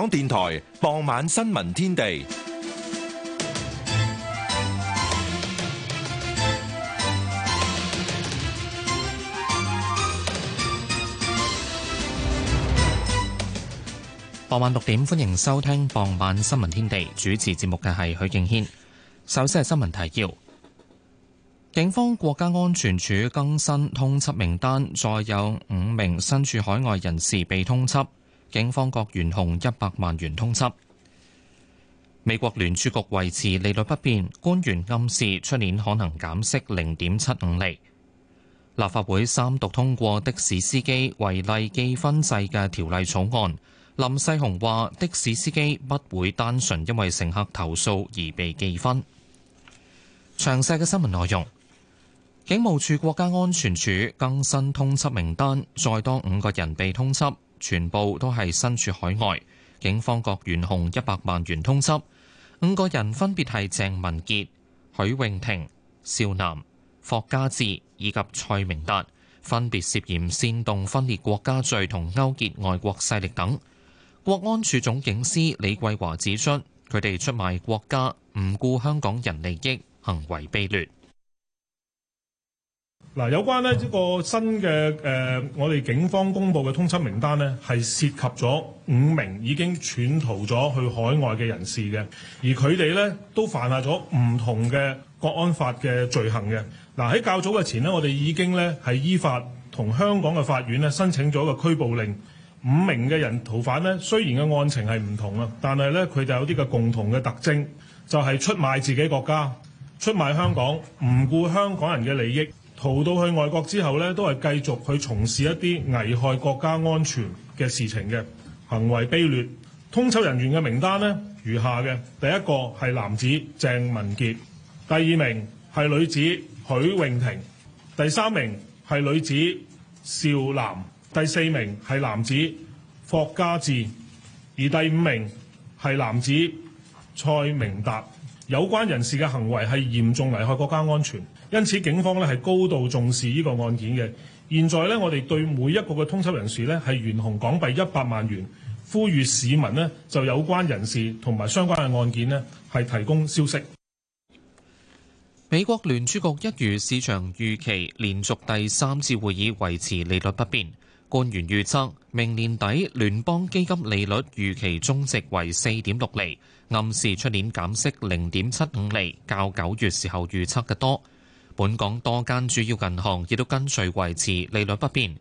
港電台傍晚新聞天地，傍晚六點，歡迎收聽傍晚新聞天地。主持節目嘅係許敬軒。首先係新聞提要：警方國家安全處更新通緝名單，再有五名身處海外人士被通緝。警方各懸紅一百萬元通緝。美國聯儲局維持利率不變，官員暗示出年可能減息零點七五厘。立法會三讀通過的士司機違例記分制嘅條例草案。林世雄話：的士司機不會單純因為乘客投訴而被記分。詳細嘅新聞內容，警務處國家安全處更新通緝名單，再多五個人被通緝。全部都係身處海外，警方各懸紅一百萬元通緝五個人，分別係鄭文傑、許穎婷、邵嵐、霍嘉誌以及蔡明達，分別涉嫌煽動分裂國家罪同勾結外國勢力等。國安處總警司李桂華指出，佢哋出賣國家，唔顧香港人利益，行為卑劣。嗱、啊，有關呢一、這個新嘅誒、呃，我哋警方公布嘅通緝名單呢，係涉及咗五名已經潛逃咗去海外嘅人士嘅，而佢哋呢都犯下咗唔同嘅國安法嘅罪行嘅。嗱、啊，喺較早嘅前呢，我哋已經呢係依法同香港嘅法院呢申請咗一個拘捕令。五名嘅人逃犯呢，雖然嘅案情係唔同啊，但係呢，佢哋有啲嘅共同嘅特徵，就係、是、出賣自己國家、出賣香港，唔顧香港人嘅利益。逃到去外國之後呢，都係繼續去從事一啲危害國家安全嘅事情嘅行為卑劣。通緝人員嘅名單呢，如下嘅：第一個係男子鄭文傑，第二名係女子許穎婷，第三名係女子邵嵐，第四名係男子霍嘉誌，而第五名係男子蔡明達。有關人士嘅行為係嚴重危害國家安全，因此警方咧係高度重視呢個案件嘅。現在咧，我哋對每一個嘅通緝人士咧係懸紅港幣一百萬元，呼籲市民咧就有關人士同埋相關嘅案件咧係提供消息。美國聯儲局一如市場預期，連續第三次會議維持利率不變。官員預測，明年底聯邦基金利率預期中值為四點六厘，暗示出年減息零點七五厘，較九月時候預測嘅多。本港多間主要銀行亦都跟隨維持利率不變。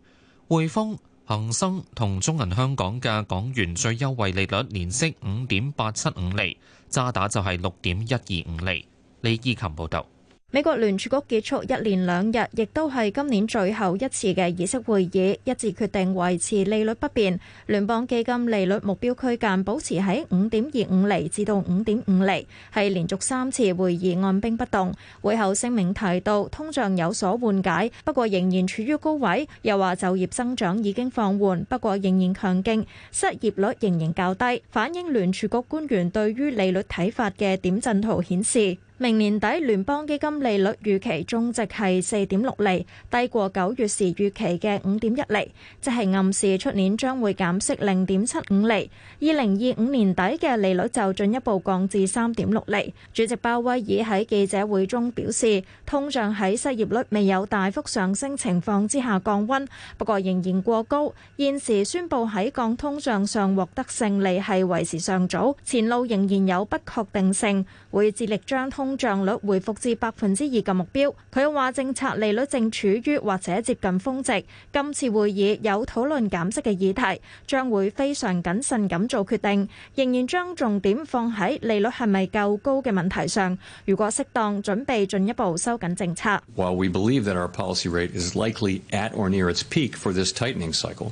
匯豐、恒生同中銀香港嘅港元最優惠利率年息五點八七五厘，渣打就係六點一二五厘。李依琴報道。美國聯儲局結束一連兩日，亦都係今年最後一次嘅議息會議，一致決定維持利率不變，聯邦基金利率目標區間保持喺五點二五厘至到五點五厘，係連續三次會議按兵不動。會後聲明提到，通脹有所緩解，不過仍然處於高位；又話就業增長已經放緩，不過仍然強勁，失業率仍然較低。反映聯儲局官員對於利率睇法嘅點陣圖顯示。明年底聯邦基金利率預期中值係四點六厘，低過九月時預期嘅五點一厘，即係暗示出年將會減息零點七五厘。二零二五年底嘅利率就進一步降至三點六厘。主席鮑威爾喺記者會中表示，通脹喺失業率未有大幅上升情況之下降溫，不過仍然過高。現時宣布喺降通脹上獲得勝利係為時尚早，前路仍然有不確定性，會致力將通通脹率回復至百分之二嘅目標。佢話政策利率正處於或者接近峰值，今次會議有討論減息嘅議題，將會非常謹慎咁做決定，仍然將重點放喺利率係咪夠高嘅問題上。如果適當，準備進一步收緊政策。While we believe that our policy rate is likely at or near its peak for this tightening cycle.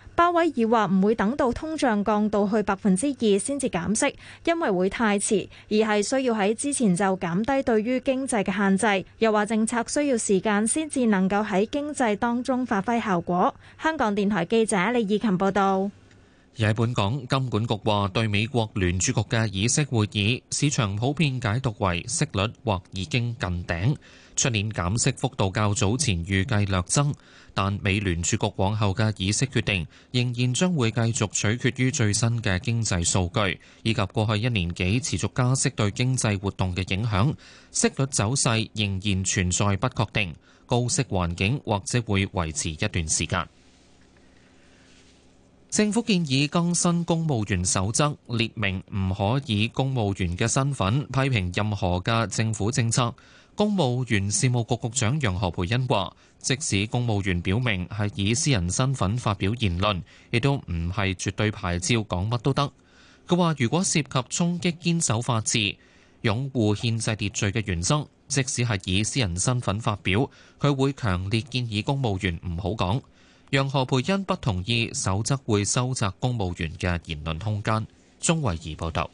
鮑威爾話唔會等到通脹降到去百分之二先至減息，因為會太遲，而係需要喺之前就減低對於經濟嘅限制。又話政策需要時間先至能夠喺經濟當中發揮效果。香港電台記者李以琴報道。而喺本港金管局話，對美國聯儲局嘅議息會議，市場普遍解讀為息率或已經近頂，出年減息幅度較早前預計略增。但美聯儲局往後嘅議息決定，仍然將會繼續取決於最新嘅經濟數據，以及過去一年幾持續加息對經濟活動嘅影響。息率走勢仍然存在不確定，高息環境或者會維持一段時間。 政府建議更新公務員守則，列明唔可以以公務員嘅身份批評任何嘅政府政策。公務員事務局局長楊何培恩話：即使公務員表明係以私人身份發表言論，亦都唔係絕對牌照講乜都得。佢話：如果涉及衝擊堅守法治、擁護憲制秩序嘅原則，即使係以私人身份發表，佢會強烈建議公務員唔好講。楊何培恩不同意守則會收窄公務員嘅言論空間。鍾慧怡報道。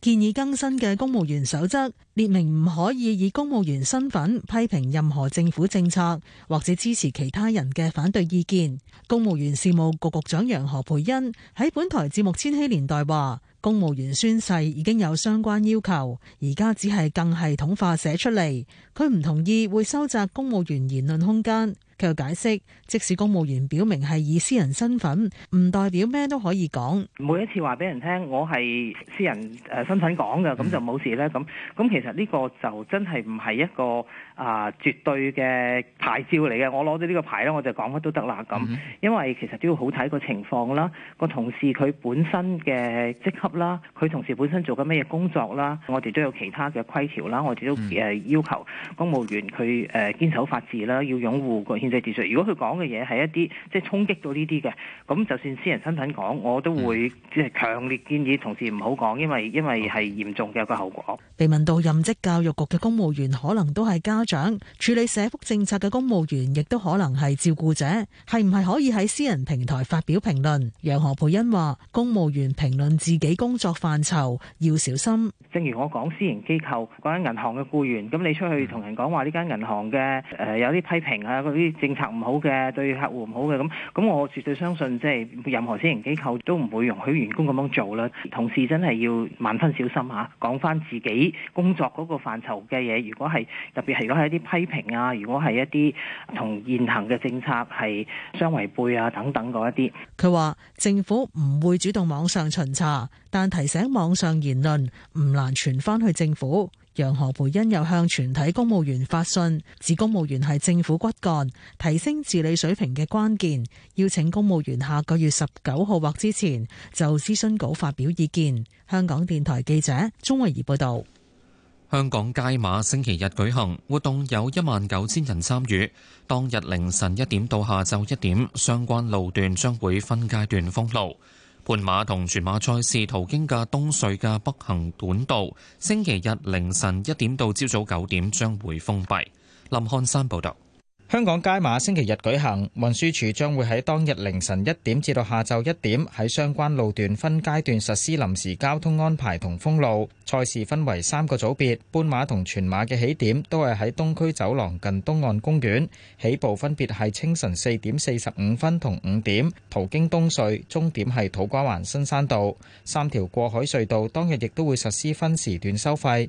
建議更新嘅公務員守則，列明唔可以以公務員身份批評任何政府政策，或者支持其他人嘅反對意見。公務員事務局局長楊何蓓茵喺本台節目《千禧年代》話，公務員宣誓已經有相關要求，而家只係更系統化寫出嚟。佢唔同意會收窄公務員言論空間。佢又解釋，即使公務員表明係以私人身份，唔代表咩都可以講。每一次話俾人聽，我係私人誒身份講嘅，咁就冇事咧。咁咁其實呢個就真係唔係一個啊！絕對嘅牌照嚟嘅，我攞咗呢個牌咧，我就講乜都得啦咁。因為其實都要好睇個情況啦，個同事佢本身嘅職級啦，佢同事本身做緊咩嘢工作啦，我哋都有其他嘅規條啦，我哋都誒要求公務員佢誒堅守法治啦，要擁護個憲制秩序。如果佢講嘅嘢係一啲即係衝擊到呢啲嘅，咁就算私人身份講，我都會即係強烈建議同事唔好講，因為因為係嚴重嘅個後果。被問到任職教育局嘅公務員可能都係加。長處理社福政策嘅公務員亦都可能係照顧者，係唔係可以喺私人平台發表評論？楊何蓓茵話：公務員評論自己工作範疇要小心。正如我講，私營機構嗰間銀行嘅雇員，咁你出去同人講話呢間銀行嘅誒有啲批評啊，嗰啲政策唔好嘅，對客戶唔好嘅，咁咁我絕對相信即係任何私營機構都唔會容許員工咁樣做啦。同事真係要萬分小心吓，講翻自己工作嗰個範疇嘅嘢，如果係特別係嗰。係一啲批評啊！如果係一啲同現行嘅政策係相違背啊等等嗰一啲，佢話政府唔會主動網上巡查，但提醒網上言論唔難傳翻去政府。楊何蓓茵又向全體公務員發信，指公務員係政府骨幹，提升治理水平嘅關鍵，邀請公務員下個月十九號或之前就諮詢稿發表意見。香港電台記者鍾慧儀報道。香港街馬星期日舉行，活動有一萬九千人參與。當日凌晨一點到下晝一點，相關路段將會分階段封路。半馬同全馬賽事途經嘅東隧嘅北行短道，星期日凌晨一點到朝早九點將會封閉。林漢山報導。香港街馬星期日舉行，運輸署將會喺當日凌晨一點至到下晝一點，喺相關路段分階段實施臨時交通安排同封路。賽事分為三個組別，半馬同全馬嘅起點都係喺東區走廊近東岸公園，起步分別係清晨四點四十五分同五點，途經東隧，終點係土瓜灣新山道。三條過海隧道當日亦都會實施分時段收費。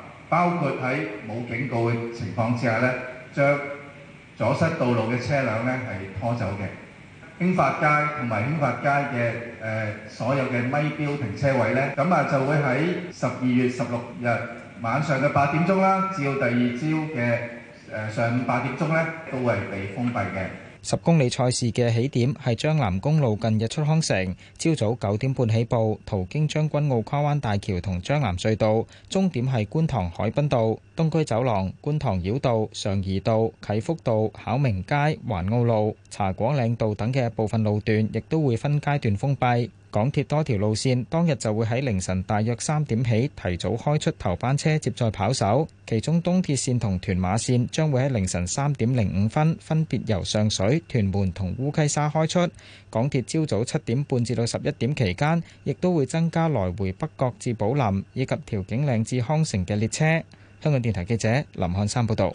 包括喺冇警告嘅情況之下咧，將阻塞道路嘅車輛咧係拖走嘅。興發街同埋興發街嘅誒、呃、所有嘅咪錶停車位咧，咁啊就會喺十二月十六日晚上嘅八點鐘啦，至到第二朝嘅誒上午八點鐘咧，都係被封閉嘅。十公里賽事嘅起點係將南公路近日出康城，朝早九點半起步，途經將軍澳跨灣大橋同將南隧道，終點係觀塘海濱道、東區走廊、觀塘繞道、常怡道、啟福道、考明街、環澳路、茶果嶺道等嘅部分路段，亦都會分階段封閉。港鐵多條路線當日就會喺凌晨大約三點起提早開出頭班車接載跑手，其中東鐵線同屯馬線將會喺凌晨三點零五分分別由上水、屯門同烏溪沙開出。港鐵朝早七點半至到十一點期間，亦都會增加來回北角至寶林以及調景嶺至康城嘅列車。香港電台記者林漢山報導。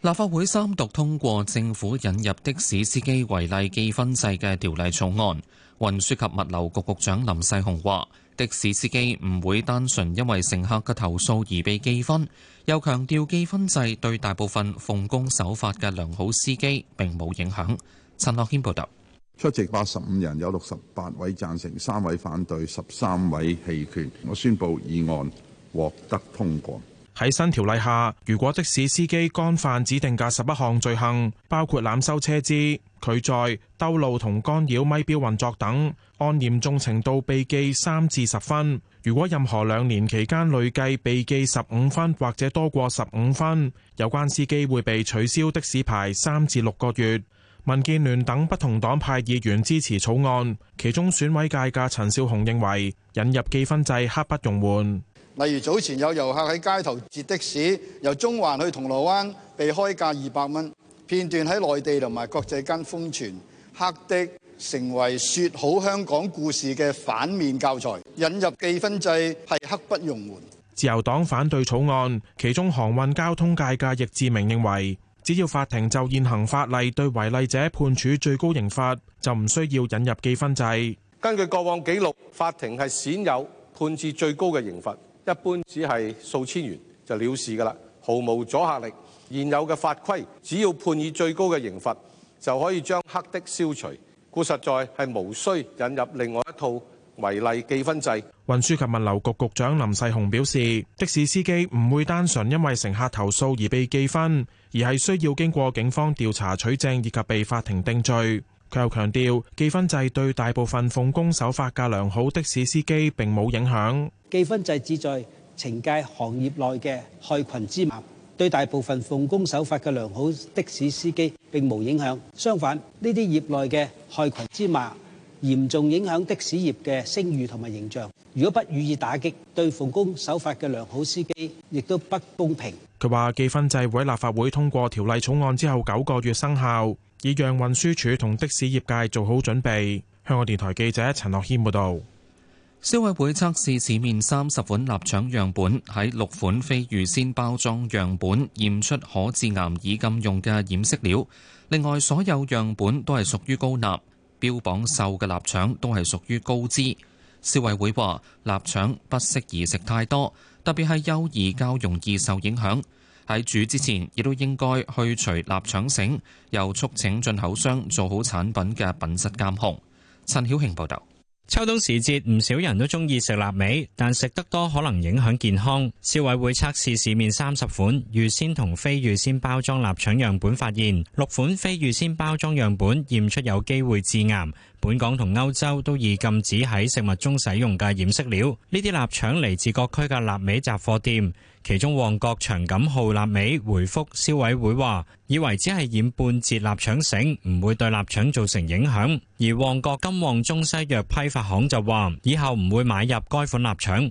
立法會三讀通過政府引入的士司機違例記分制嘅條例草案。運輸及物流局局長林世雄話：的士司機唔會單純因為乘客嘅投訴而被記分，又強調記分制對大部分奉公守法嘅良好司機並冇影響。陳樂謙報道。出席八十五人，有六十八位贊成，三位反對，十三位棄權。我宣布議案獲得通過。喺新條例下，如果的士司機干犯指定嘅十一項罪行，包括濫收車資、拒載、兜路同干擾咪標運作等，按嚴重程度被記三至十分。如果任何兩年期間累計被記十五分或者多過十五分，有關司機會被取消的士牌三至六個月。民建聯等不同黨派議員支持草案，其中選委界嘅陳紹雄認為引入記分制刻不容緩。例如早前有遊客喺街頭截的士，由中環去銅鑼灣被開價二百蚊，片段喺內地同埋國際間瘋傳，黑的成為説好香港故事嘅反面教材。引入記分制係刻不容緩。自由黨反對草案，其中航運交通界嘅易志明認為，只要法庭就現行法例對違例者判處最高刑罰，就唔需要引入記分制。根據過往記錄，法庭係鮮有判處最高嘅刑罰。一般只係數千元就了事噶啦，毫無阻吓力。現有嘅法規，只要判以最高嘅刑罰，就可以將黑的消除。故實在係無需引入另外一套違例記分制。運輸及物流局局長林世雄表示，的士司機唔會單純因為乘客投訴而被記分，而係需要經過警方調查取證以及被法庭定罪。佢又強調，記分制對大部分奉公守法嘅良好的士司機並冇影響。記分制旨在懲戒行業內嘅害羣之馬，對大部分奉公守法嘅良好的士司機並冇影響。相反，呢啲業內嘅害羣之馬嚴重影響的士業嘅聲譽同埋形象。如果不予以打擊，對奉公守法嘅良好司機亦都不公平。佢話，記分制會立法會通過條例草案之後九個月生效。以讓運輸署同的士業界做好準備。香港電台記者陳樂軒報道。消委會測試市面三十款臘腸樣本，喺六款非預先包裝樣本驗出可致癌、已禁用嘅染色料。另外，所有樣本都係屬於高鈉，標榜瘦嘅臘腸都係屬於高脂。消委會話：臘腸不適宜食太多，特別係幼兒較容易受影響。喺煮之前，亦都應該去除臘腸繩，又促請進口商做好產品嘅品質監控。陳曉慶報道，秋冬時節唔少人都中意食臘味，但食得多可能影響健康。消委會測試市面三十款預先同非預先包裝臘腸樣本，發現六款非預先包裝樣本驗出有機會致癌。本港同歐洲都已禁止喺食物中使用嘅染色料，呢啲臘腸嚟自各區嘅臘味雜貨店，其中旺角長錦號臘味回覆消委會話，以為只係染半截臘腸繩，唔會對臘腸造成影響，而旺角金旺中西藥批發行就話，以後唔會買入該款臘腸。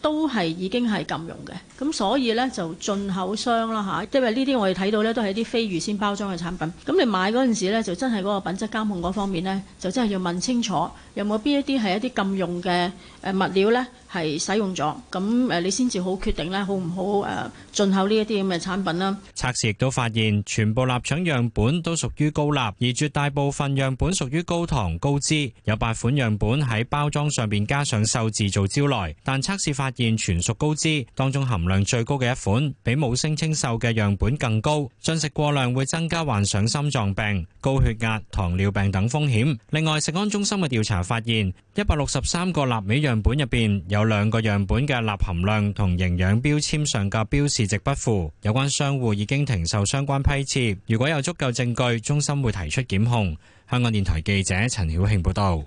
都係已經係禁用嘅，咁所以呢，就進口商啦吓，因為呢啲我哋睇到呢，都係一啲非預先包裝嘅產品，咁你買嗰陣時咧就真係嗰個品質監控嗰方面呢，就真係要問清楚，有冇邊一啲係一啲禁用嘅誒物料呢？係使用咗，咁誒你先至好決定咧，好唔好誒進口呢一啲咁嘅產品啦？測試亦都發現，全部臘腸樣本都屬於高鈉，而絕大部分樣本屬於高糖高脂，有八款樣本喺包裝上邊加上瘦字做招徠，但測試發現全屬高脂，當中含量最高嘅一款比冇聲稱瘦嘅樣本更高。進食過量會增加患上心臟病、高血壓、糖尿病等風險。另外，食安中心嘅調查發現，一百六十三個臘味樣本入邊有有兩個樣本嘅鈉含量同營養標籤上嘅標示值不符，有關商戶已經停售相關批次。如果有足夠證據，中心會提出檢控。香港電台記者陳曉慶報道。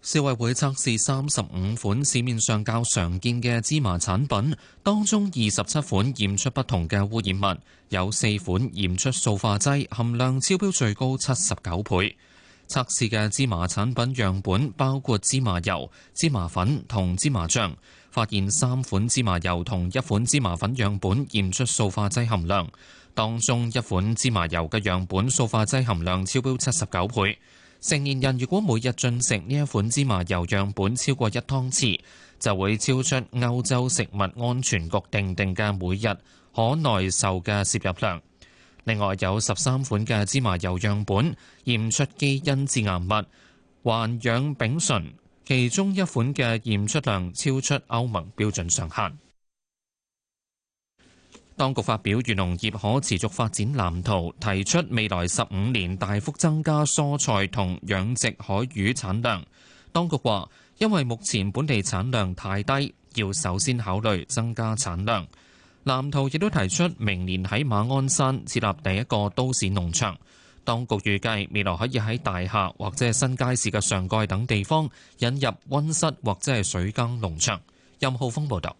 消委會測試三十五款市面上較常見嘅芝麻產品，當中二十七款驗出不同嘅污染物，有四款驗出塑化劑含量超標，最高七十九倍。測試嘅芝麻產品樣本包括芝麻油、芝麻粉同芝麻醬，發現三款芝麻油同一款芝麻粉樣本驗出塑化劑含量，當中一款芝麻油嘅樣本塑化劑含量超標七十九倍。成年人如果每日進食呢一款芝麻油樣本超過一湯匙，就會超出歐洲食物安全局訂定嘅每日可耐受嘅攝入量。另外有十三款嘅芝麻油樣本驗出基因致癌物環氧丙醇，其中一款嘅驗出量超出歐盟標準上限。當局發表《漁農業可持續發展藍圖》，提出未來十五年大幅增加蔬菜同養殖海魚產量。當局話，因為目前本地產量太低，要首先考慮增加產量。藍圖亦都提出，明年喺馬鞍山設立第一個都市農場。當局預計未來可以喺大廈或者新街市嘅上蓋等地方引入溫室或者係水耕農場。任浩峰報導。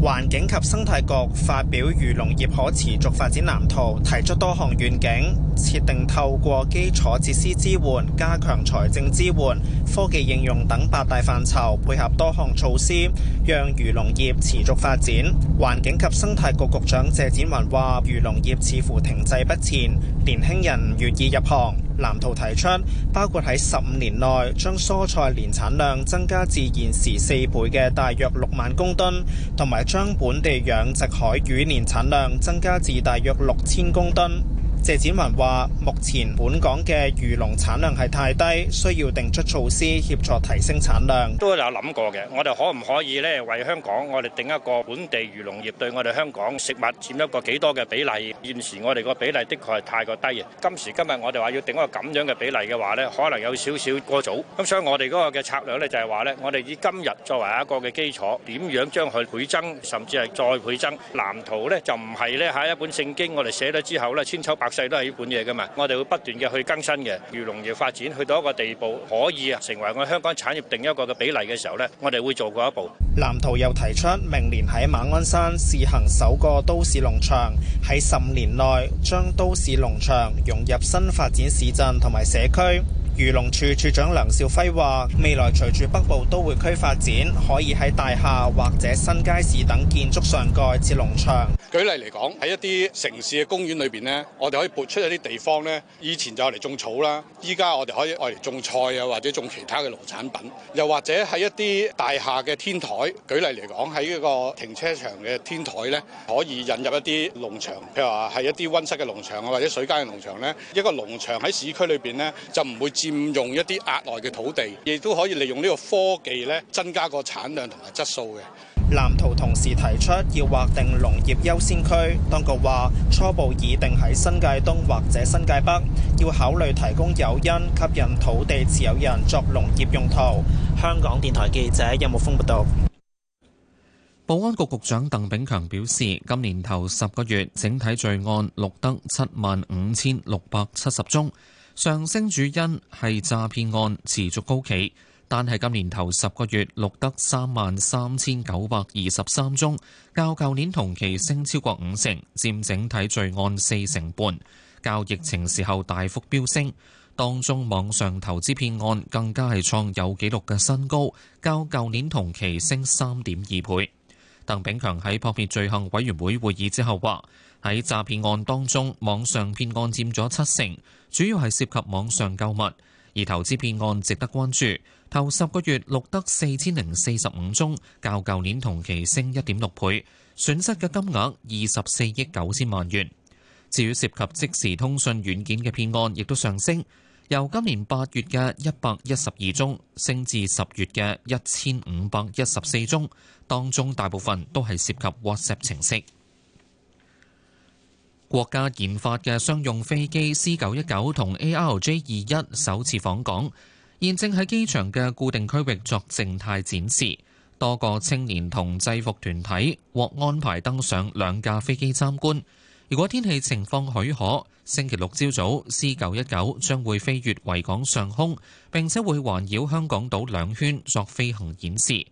環境及生態局發表《漁農業可持續發展藍圖》，提出多項願景，設定透過基礎設施支援、加強財政支援、科技應用等八大範疇，配合多項措施，讓漁農業持續發展。環境及生態局，局局長謝展寰話：漁農業似乎停滯不前，年輕人唔願意入行。藍圖提出包括喺十五年內將蔬菜年產量增加至現時四倍嘅大約六萬公噸，同埋。將本地養殖海魚年產量增加至大約六千公噸。謝展文話：目前本港嘅漁農產量係太低，需要定出措施協助提升產量。都有諗過嘅，我哋可唔可以咧為香港，我哋定一個本地漁農業對我哋香港食物佔一個幾多嘅比例？現時我哋個比例的確係太過低嘅。今時今日我哋話要定一個咁樣嘅比例嘅話咧，可能有少少過早。咁所以我哋嗰個嘅策略咧就係話咧，我哋以今日作為一個嘅基礎，點樣將佢倍增，甚至係再倍增？藍圖咧就唔係咧喺一本聖經我哋寫咗之後咧千秋百。都係要管嘢㗎嘛，我哋會不斷嘅去更新嘅，如農業發展去到一個地步可以成為我香港產業定一個嘅比例嘅時候呢，我哋會做嗰一步。藍圖又提出明年喺馬鞍山試行首個都市農場，喺十年內將都市農場融入新發展市鎮同埋社區。漁農處處長梁兆輝話未來隨住北部都會區發展，可以喺大廈或者新街市等建築上蓋設農場。舉例嚟講，喺一啲城市嘅公園裏邊咧，我哋可以撥出一啲地方咧，以前就嚟種草啦，依家我哋可以愛嚟種菜啊，或者種其他嘅農產品，又或者喺一啲大廈嘅天台，舉例嚟講，喺呢個停車場嘅天台咧，可以引入一啲農場，譬如話係一啲溫室嘅農場啊，或者水耕嘅農場咧，一個農場喺市區裏邊咧，就唔會佔用一啲額外嘅土地，亦都可以利用呢個科技呢，增加個產量同埋質素嘅。藍圖同時提出要劃定農業優先區，當局話初步擬定喺新界東或者新界北，要考慮提供誘因吸引土地持有人作農業用途。香港電台記者任木峰報道。保安局局長鄧炳強表示，今年頭十個月整體罪案錄得七萬五千六百七十宗。上升主因係詐騙案持續高企，但係今年頭十個月錄得三萬三千九百二十三宗，較舊年同期升超過五成，佔整體罪案四成半，較疫情時候大幅飆升。當中網上投資騙案更加係創有紀錄嘅新高，較舊年同期升三點二倍。鄧炳強喺撲滅罪行委員會會議之後話：喺詐騙案當中，網上騙案佔咗七成。主要係涉及網上購物，而投資騙案值得關注。頭十個月錄得四千零四十五宗，較舊年同期升一點六倍，損失嘅金額二十四億九千萬元。至於涉及即時通訊軟件嘅騙案，亦都上升，由今年八月嘅一百一十二宗升至十月嘅一千五百一十四宗，當中大部分都係涉及 WhatsApp 程式。國家研發嘅商用飛機 C 九一九同 ARJ 二一首次訪港，現正喺機場嘅固定區域作靜態展示。多個青年同制服團體獲安排登上兩架飛機參觀。如果天氣情況許可，星期六朝早 C 九一九將會飛越維港上空，並且會環繞香港島兩圈作飛行演示。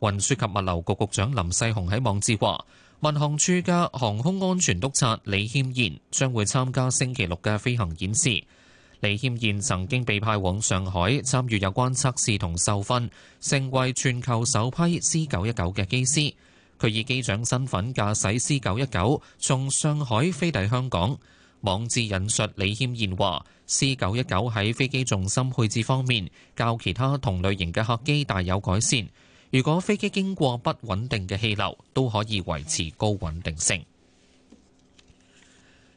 運輸及物流局局長林世雄喺網誌話。民航處嘅航空安全督察李謙賢將會參加星期六嘅飛行演示。李謙賢曾經被派往上海參與有關測試同受訓，成為全球首批 C919 嘅機師。佢以機長身份駕駛 C919 從上海飛抵香港。網誌引述李謙賢話：C919 喺飛機重心配置方面，較其他同類型嘅客機大有改善。如果飛機經過不穩定嘅氣流，都可以維持高穩定性。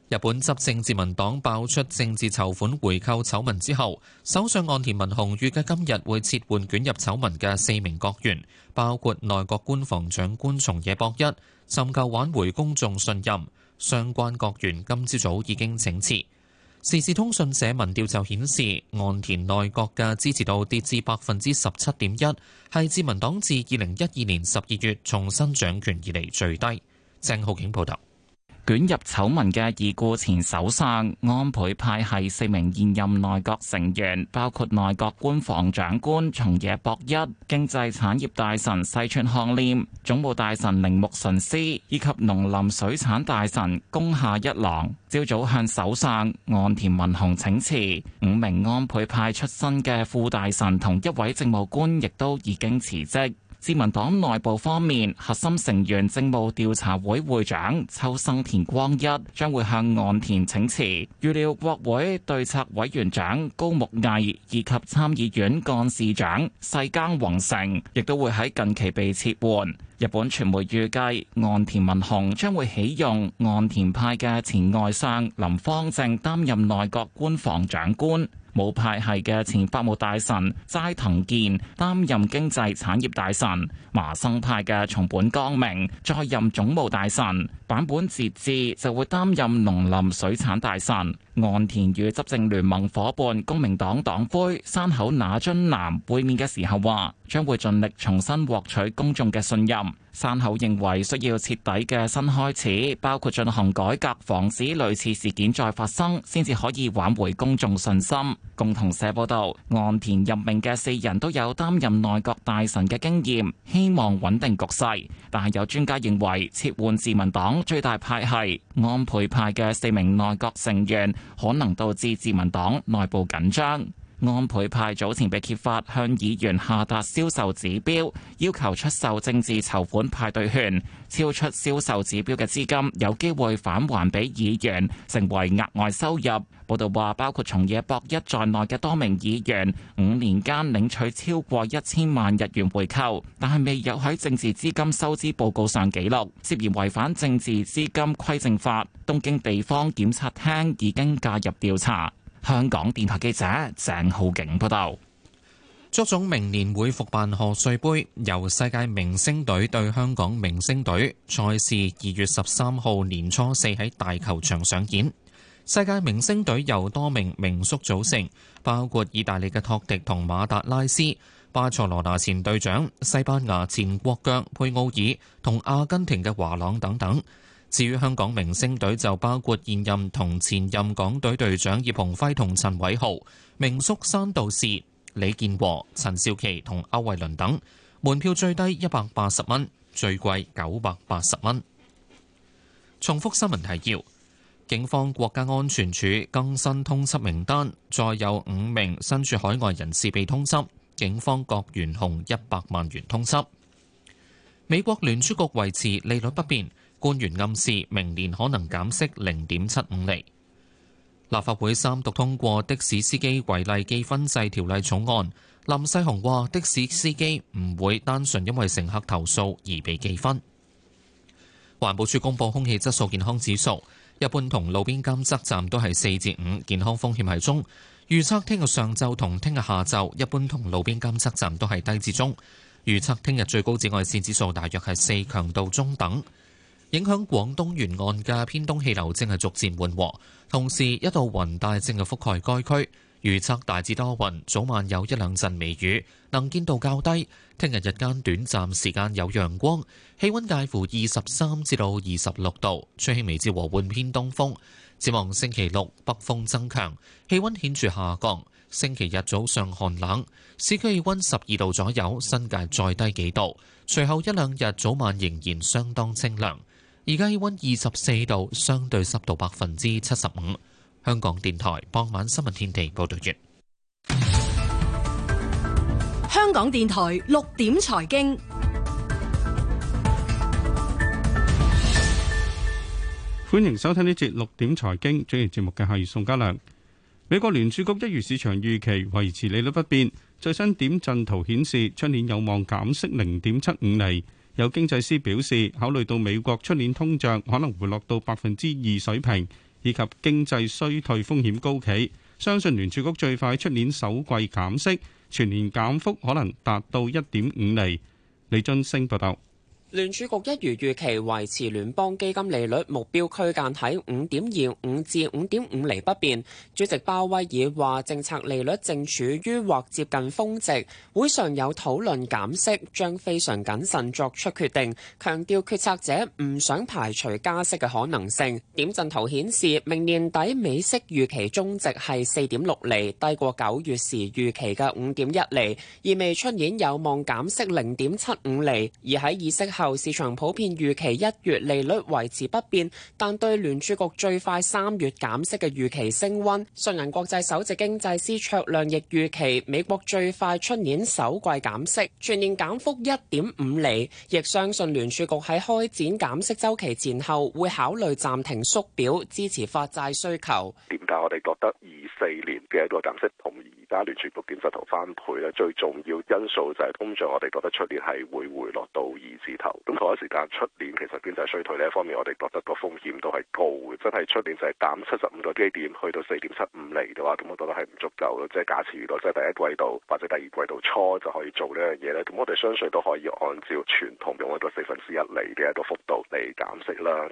日本執政自民黨爆出政治籌款回扣醜聞之後，首相岸田文雄預計今日會撤換捲入醜聞嘅四名閣員，包括內閣官房長官松野博一，尋求挽回公眾信任。相關閣員今朝早已經請辭。時事通訊社民調就顯示，岸田內閣嘅支持度跌至百分之十七點一，係自民黨自二零一二年十二月重新掌權以嚟最低。鄭浩景報導。捲入醜聞嘅已故前首相安倍派系四名現任內閣成員，包括內閣官房長官松野博一、經濟產業大臣西村康稔、總務大臣鈴木淳司，以及農林水產大臣宮下一郎，朝早向首相岸田文雄請辭。五名安倍派出身嘅副大臣同一位政務官亦都已經辭職。自民黨內部方面，核心成員政務調查會會長秋生田光一將會向岸田請辭，預料國會對策委員長高木毅以及參議院幹事長世耕弘成亦都會喺近期被撤換。日本傳媒預計，岸田文雄將會啟用岸田派嘅前外相林芳正擔任內閣官房長官。武派系嘅前法務大臣齋藤健擔任經濟產業大臣，麻生派嘅松本剛明再任總務大臣，坂本哲志就會擔任農林水產大臣。岸田與執政聯盟伙伴公明黨黨魁山口那津男會面嘅時候話將會盡力重新獲取公眾嘅信任。山口認為需要徹底嘅新開始，包括進行改革，防止類似事件再發生，先至可以挽回公眾信心。共同社報道，岸田任命嘅四人都有擔任內閣大臣嘅經驗，希望穩定局勢，但係有專家認為撤換自民黨最大派係安倍派嘅四名內閣成員。可能導致自民黨內部緊張。安倍派早前被揭發向議員下達銷售指標，要求出售政治籌款派對券，超出銷售指標嘅資金有機會返還俾議員，成為額外收入。報道話包括松野博一在內嘅多名議員五年間領取超過一千萬日元回扣，但係未有喺政治資金收支報告上記錄，涉嫌違反政治資金規正法。東京地方檢察廳已經介入調查。香港電台記者鄭浩景報道。足總明年會復辦賀歲杯，由世界明星隊對香港明星隊，賽事二月十三號年初四喺大球場上演。世界明星隊由多名名宿組成，包括意大利嘅托迪同馬達拉斯、巴塞羅那前隊長、西班牙前國腳佩奧爾同阿根廷嘅華朗等等。至於香港明星隊就包括現任同前任港隊隊、隊長葉鴻輝同陳偉豪、名宿、山道士、李健和、陳少琪同歐惠倫等。門票最低一百八十蚊，最貴九百八十蚊。重複新聞提要：警方國家安全處更新通緝名單，再有五名身處海外人士被通緝，警方各懸紅一百萬元通緝。美國聯儲局維持利率不變。官員暗示明年可能減息零點七五厘。立法會三讀通過的士司機違例記分制條例草案。林世雄話：的士司機唔會單純因為乘客投訴而被記分。環保署公布空氣質素健康指數，一般同路邊監測站都係四至五，健康風險係中。預測聽日上晝同聽日下晝一般同路邊監測站都係低至中。預測聽日最高紫外線指數大約係四，強度中等。影響廣東沿岸嘅偏東氣流正係逐漸緩和，同時一道雲帶正係覆蓋該區，預測大致多雲，早晚有一兩陣微雨，能見度較低。聽日日間短暫時間有陽光，氣溫介乎二十三至到二十六度，吹輕微至和緩偏東風。展望星期六北風增強，氣溫顯著下降。星期日早上寒冷，市區氣溫十二度左右，新界再低幾度。隨後一兩日早晚仍然相當清涼。而家氣溫二十四度，相對濕度百分之七十五。香港電台傍晚新聞天地報道完。香港電台六點財經，歡迎收聽呢節六點財經。主持節目嘅係宋家良。美國聯儲局一如市場預期維持利率不變，最新點陣圖顯示，出年有望減息零點七五厘。有經濟師表示，考慮到美國出年通脹可能回落到百分之二水平，以及經濟衰退風險高企，相信聯儲局最快出年首季減息，全年減幅可能達到一點五厘。李俊升報道。聯儲局一如預期維持聯邦基金利率目標區間喺五點二五至五點五厘不變。主席鮑威爾話：政策利率正處於或接近峰值，會上有討論減息，將非常謹慎作出決定。強調決策者唔想排除加息嘅可能性。點陣圖顯示，明年底美息預期中值係四點六厘，低過九月時預期嘅五點一厘，意味出年有望減息零點七五厘。而喺議息後，由市場普遍預期一月利率維持不變，但對聯儲局最快三月減息嘅預期升温。信銀國際首席經濟師卓亮亦預期美國最快出年首季減息，全年減幅一點五厘。亦相信聯儲局喺開展減息周期前後會考慮暫停縮表，支持發債需求。點解我哋覺得二四年嘅一個減息同意？加聯全幅點十頭翻倍咧，最重要因素就係，通常我哋覺得出年係會回落到二字頭。咁同一時間，出年其實經濟衰退呢一方面，我哋覺得個風險都係高嘅，真係出年就係減七十五個基點去到四點七五厘嘅話，咁我覺得係唔足夠咯。即係假設如果喺第一季度或者第二季度初就可以做呢樣嘢咧，咁我哋相信都可以按照傳統用一個四分之一厘嘅一個幅度嚟減息啦。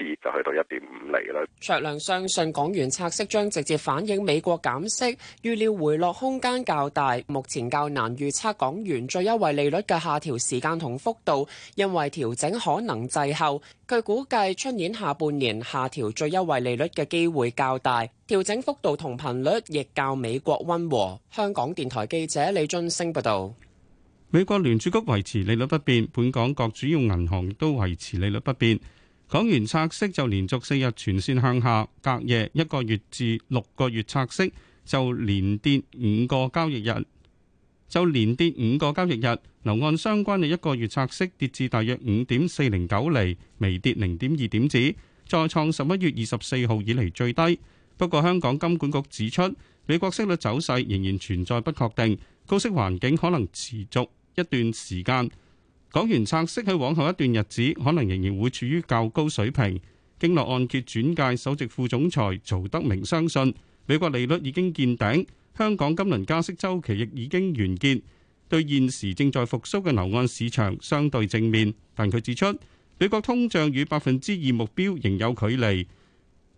就去到一點五利率，卓亮相信港元拆息將直接反映美國減息預料回落空間較大，目前較難預測港元最優惠利率嘅下調時間同幅度，因為調整可能滯後，據估計出年下半年下調最優惠利率嘅機會較大，調整幅度同頻率亦較美國溫和。香港電台記者李津升報道，美國聯儲局維持利率不變，本港各主要銀行都維持利率不變。港元拆息就連續四日全線向下，隔夜一個月至六個月拆息就連跌五個交易日，就連跌五個交易日。樓按相關嘅一個月拆息跌至大約五點四零九厘，微跌零點二點子，再創十一月二十四號以嚟最低。不過，香港金管局指出，美國息率走勢仍然存在不確定，高息環境可能持續一段時間。港元拆息喺往後一段日子可能仍然會處於較高水平。經絡按揭轉介首席副總裁曹德明相信，美國利率已經見頂，香港今輪加息周期亦已經完結，對現時正在復蘇嘅樓按市場相對正面。但佢指出，美國通脹與百分之二目標仍有距離。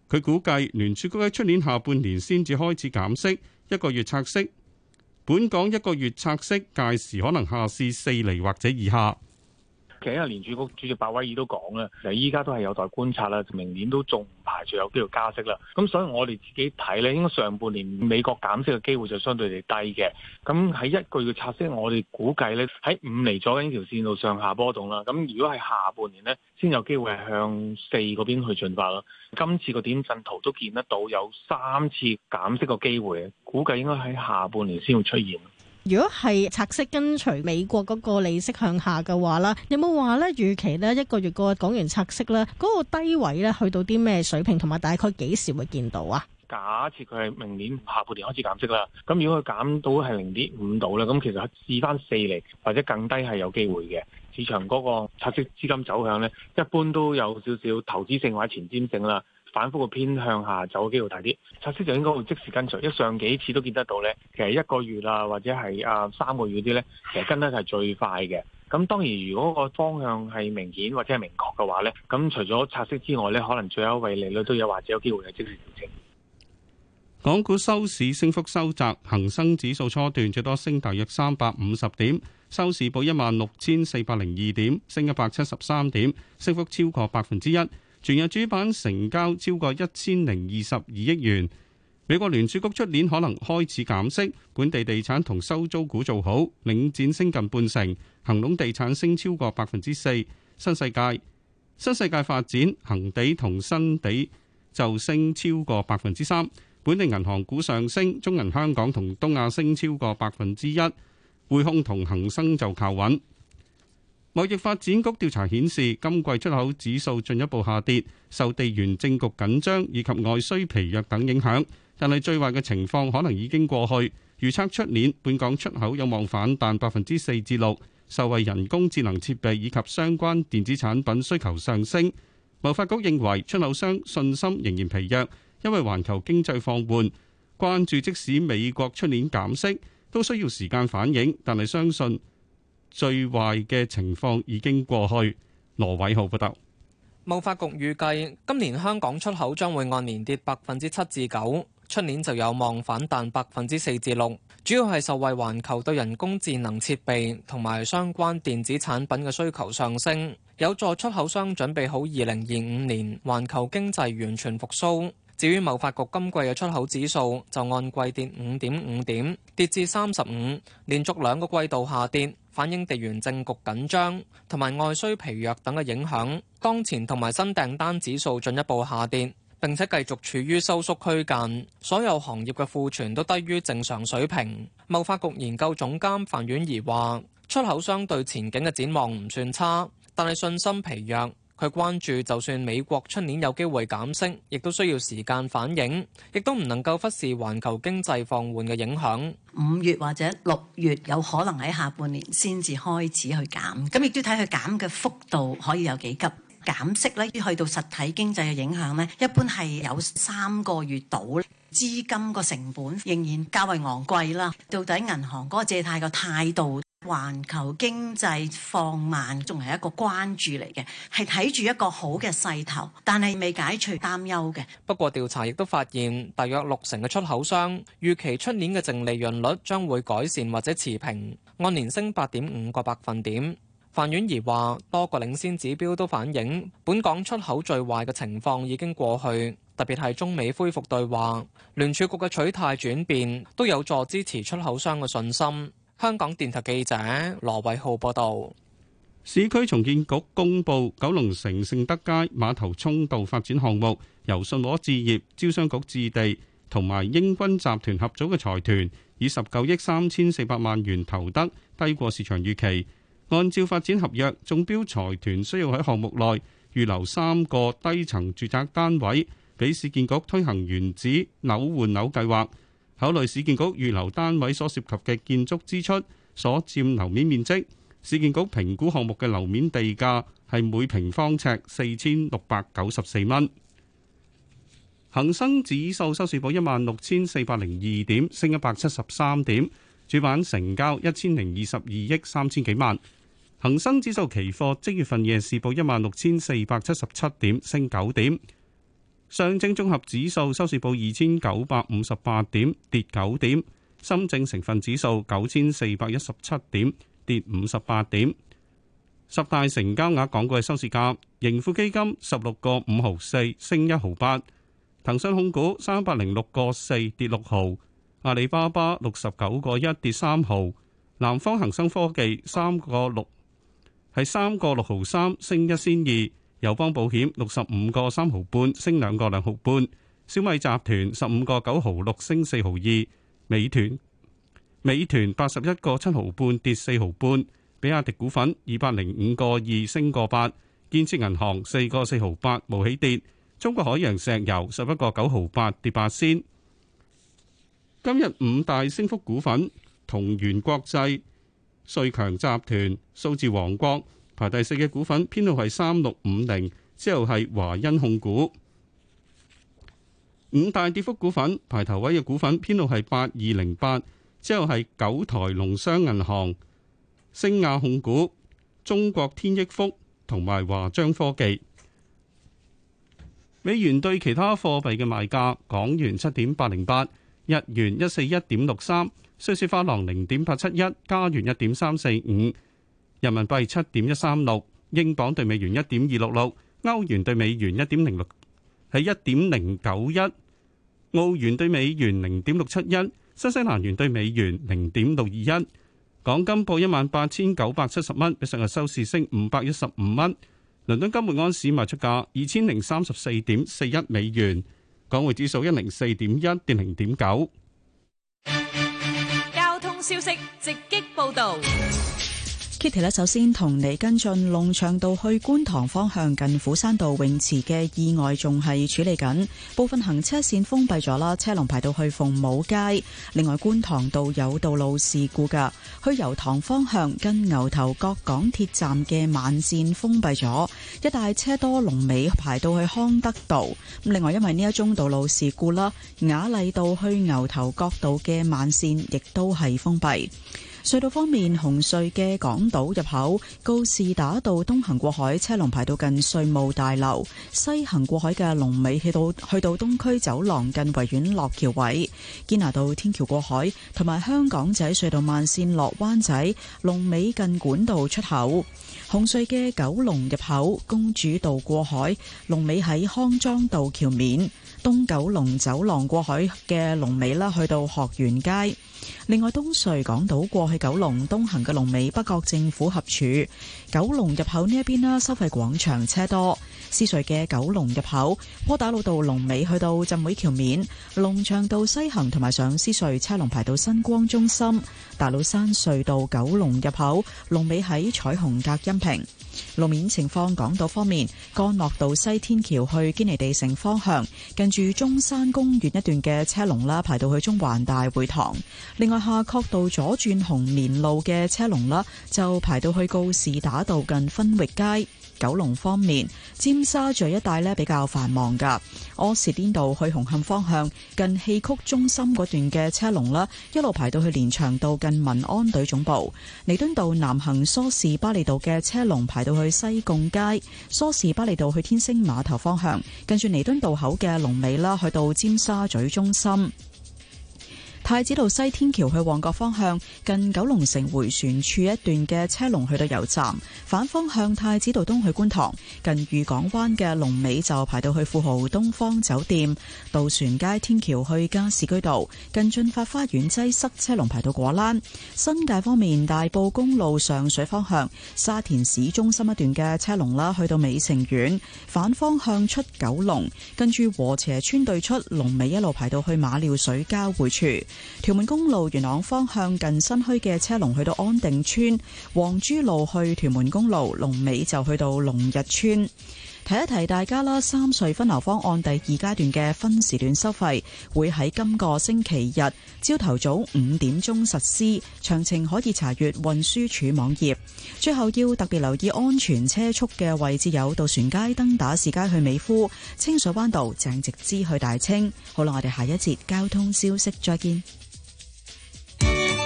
佢估計，聯儲局喺出年下半年先至開始減息，一個月拆息，本港一個月拆息屆時可能下試四厘或者以下。其實，因為聯儲局主席鮑威爾都講啦，其實依家都係有待觀察啦，明年都仲唔排除有機會加息啦。咁所以，我哋自己睇咧，應該上半年美國減息嘅機會就相對嚟低嘅。咁喺一個月嘅拆息，我哋估計咧喺五厘左右呢條線路上下波動啦。咁如果係下半年咧，先有機會係向四嗰邊去進發啦。今次個點陣圖都見得到有三次減息嘅機會，估計應該喺下半年先會出現。如果係拆息跟隨美國嗰個利息向下嘅話啦，有冇話呢？預期呢一個月嘅港元拆息呢嗰、嗰個低位呢，去到啲咩水平，同埋大概幾時會見到啊？假設佢係明年下半年開始減息啦，咁如果佢減到係零點五度咧，咁其實試翻四厘，或者更低係有機會嘅。市場嗰個拆息資金走向呢，一般都有少少投資性或者前瞻性啦。反覆嘅偏向下走嘅機會大啲，拆息就應該會即時跟隨，一上幾次都見得到呢，其實一個月啊，或者係啊三個月嗰啲呢，其實跟得係最快嘅。咁當然，如果個方向係明顯或者係明確嘅話呢，咁除咗拆息之外呢，可能最優惠利率都有或者有機會係即時調整。港股收市升幅收窄，恒生指數初段最多升大約三百五十點，收市報一萬六千四百零二點，升一百七十三點，升幅超過百分之一。全日主板成交超過一千零二十二億元。美國聯儲局出年可能開始減息。本地地產同收租股做好，領展升近半成，恒隆地產升超過百分之四。新世界、新世界發展、恒地同新地就升超過百分之三。本地銀行股上升，中銀香港同東亞升超過百分之一。匯控同恒生就靠穩。貿易發展局調查顯示，今季出口指數進一步下跌，受地緣政局緊張以及外需疲弱等影響。但係最壞嘅情況可能已經過去，預測出年本港出口有望反彈百分之四至六，受惠人工智能設備以及相關電子產品需求上升。貿發局認為出口商信心仍然疲弱，因為環球經濟放緩，關注即使美國出年減息都需要時間反應，但係相信。最壞嘅情況已經過去。羅偉浩報道，貿發局預計今年香港出口將會按年跌百分之七至九，出年就有望反彈百分之四至六。主要係受惠環球對人工智能設備同埋相關電子產品嘅需求上升，有助出口商準備好二零二五年環球經濟完全復甦。至於貿發局今季嘅出口指數就按季跌五點五點，跌至三十五，連續兩個季度下跌。反映地緣政局緊張同埋外需疲弱等嘅影響，當前同埋新訂單指數進一步下跌，並且繼續處於收縮區間，所有行業嘅庫存都低於正常水平。貿發局研究總監范婉兒話：出口商對前景嘅展望唔算差，但係信心疲弱。佢關注，就算美國出年有機會減息，亦都需要時間反映，亦都唔能夠忽視環球經濟放緩嘅影響。五月或者六月有可能喺下半年先至開始去減，咁亦都睇佢減嘅幅度可以有幾急。減息呢，去到實體經濟嘅影響呢，一般係有三個月到，資金個成本仍然較為昂貴啦。到底銀行嗰個借貸個態度？環球經濟放慢，仲係一個關注嚟嘅，係睇住一個好嘅勢頭，但係未解除擔憂嘅。不過調查亦都發現，大約六成嘅出口商預期出年嘅淨利潤率將會改善或者持平，按年升八點五個百分點。范婉儀話，多個領先指標都反映本港出口最壞嘅情況已經過去，特別係中美恢復對話，聯儲局嘅取態轉變都有助支持出口商嘅信心。香港電台記者羅偉浩報道，市區重建局公布九龍城盛德街馬頭涌道發展項目，由信和置業招商局置地同埋英軍集團合組嘅財團以十九億三千四百萬元投得，低過市場預期。按照發展合約，中標財團需要喺項目內預留三個低層住宅單位，俾市建局推行原址樓換樓計劃。考慮市建局預留單位所涉及嘅建築支出所佔樓面面積，市建局評估項目嘅樓面地價係每平方尺四千六百九十四蚊。恒生指數收市報一萬六千四百零二點，升一百七十三點，主板成交一千零二十二億三千幾萬。恒生指數期貨即月份夜市報一萬六千四百七十七點，升九點。上證綜合指數收市報二千九百五十八點，跌九點；深證成分指數九千四百一十七點，跌五十八點。十大成交額港股嘅收市價：盈富基金十六個五毫四，升一毫八；騰訊控股三百零六個四，跌六毫；阿里巴巴六十九個一，跌三毫；南方恒生科技三個六，係三個六毫三，升一仙二。友邦保險六十五個三毫半，升兩個兩毫半；小米集團十五個九毫六，升四毫二；美團美團八十一個七毫半，跌四毫半；比亞迪股份二百零五個二，升個八；建設銀行四個四毫八，無起跌；中國海洋石油十一個九毫八，跌八仙。今日五大升幅股份：同源國際、瑞強集團、數字王國。排第四嘅股份，編號係三六五零，之後係華欣控股。五大跌幅股份，排頭位嘅股份編號係八二零八，之後係九台農商銀行、星亞控股、中國天益福同埋華章科技。美元對其他貨幣嘅賣價，港元七點八零八，日元一四一點六三，瑞士法郎零點八七一，加元一點三四五。人民幣七點一三六，英鎊兌美元一點二六六，歐元兌美元一點零六，係一點零九一，澳元兌美元零點六七一，新西蘭元兌美元零點六二一。港金報一萬八千九百七十蚊，比上日收市升五百一十五蚊。倫敦金每安士賣出價二千零三十四點四一美元，港匯指數一零四點一跌零點九。交通消息直擊報道。Kitty 咧，首先同你跟進龍翔道去觀塘方向近虎山道泳池嘅意外仲係處理緊，部分行車線封閉咗啦，車龍排到去鳳舞街。另外，觀塘道有道路事故噶，去油塘方向跟牛頭角港鐵站嘅慢線封閉咗，一帶車多龍尾排到去康德道。咁另外，因為呢一宗道路事故啦，雅麗道去牛頭角道嘅慢線亦都係封閉。隧道方面，紅隧嘅港島入口告士打道東行過海，車龍排到近稅務大樓；西行過海嘅龍尾去到去到東區走廊近維園落橋位；堅拿道天橋過海，同埋香港仔隧道慢線落灣仔龍尾近管道出口；紅隧嘅九龍入口公主道過海，龍尾喺康莊道橋面；東九龍走廊過海嘅龍尾啦，去到學園街。另外，東隧港島過去九龍東行嘅龍尾北角政府合署，九龍入口呢一邊啦，收費廣場車多，獅隧嘅九龍入口，窩打老道龍尾去到浸會橋面，龍翔道西行同埋上獅隧車龍排到新光中心，大老山隧道九龍入口龍尾喺彩虹隔音屏。路面情況，港島方面，干諾道西天橋去堅尼地城方向，近住中山公園一段嘅車龍啦，排到去中環大會堂。另外，下確道左轉紅棉路嘅車龍啦，就排到去告士打道近分域街。九龍方面，尖沙咀一帶咧比較繁忙噶，柯士甸道去紅磡方向，近戲曲中心嗰段嘅車龍啦，一路排到去連翔道近民安隊總部；彌敦道南行梳士巴利道嘅車龍排到去西貢街，梳士巴利道去天星碼頭方向，近住彌敦道口嘅龍尾啦，去到尖沙咀中心。太子道西天橋去旺角方向，近九龍城回旋處一段嘅車龍去到油站；反方向太子道東去觀塘，近御港灣嘅龍尾就排到去富豪東方酒店；渡船街天橋去加士居道，近駿發花園擠塞車龍排到果欄。新界方面，大埔公路上水方向沙田市中心一段嘅車龍啦，去到美城苑；反方向出九龍，跟住和斜村對出龍尾一路排到去馬料水交匯處。屯門公路元朗方向近新墟嘅車龍去到安定村，黃珠路去屯門公路龍尾就去到龍日村。提一提大家啦，三隧分流方案第二階段嘅分時段收費會喺今個星期日朝頭早五點鐘實施，詳情可以查閱運輸署網頁。最後要特別留意安全車速嘅位置有渡船街、登打士街去美孚、清水灣道、鄭直之去大清。好啦，我哋下一節交通消息再見。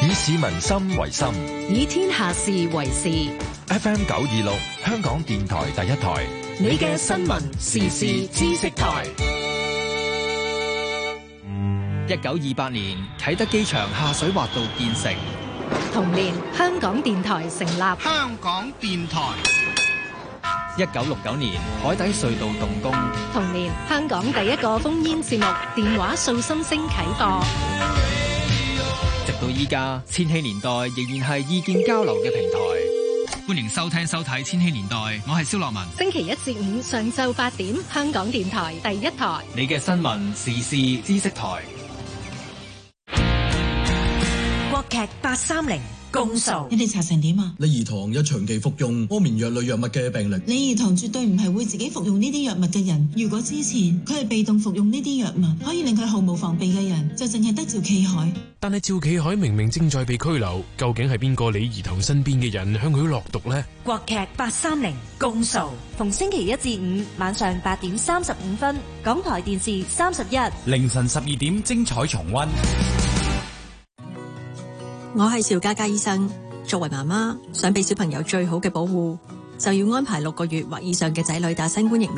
以市民心為心，以天下事為事。FM 九二六，香港電台第一台。你嘅新聞時事知識台。一九二八年，啟德機場下水滑道建成。同年，香港電台成立。香港電台。一九六九年，海底隧道動工。同年，香港第一個烽煙節目《電話訴心聲》啟播。直到依家，千禧年代仍然係意見交流嘅平台。歡迎收聽收睇《千禧年代》，我係蕭樂文。星期一至五上晝八點，香港電台第一台，你嘅新聞時事知識台，國劇八三零。公訴，公你哋查成點啊？李儀堂有長期服用安眠藥類藥物嘅病歷。李儀堂絕對唔係會自己服用呢啲藥物嘅人。如果之前佢係被動服用呢啲藥物，可以令佢毫無防備嘅人，就淨係得趙啟海。但係趙啟海明明正在被拘留，究竟係邊個李儀堂身邊嘅人向佢落毒呢？國劇八三零公訴，公訴。逢星期一至五晚上八點三十五分，港台電視三十一凌晨十二點精彩重溫。我係邵嘉嘉醫生，作為媽媽，想俾小朋友最好嘅保護，就要安排六個月或以上嘅仔女打新冠疫苗。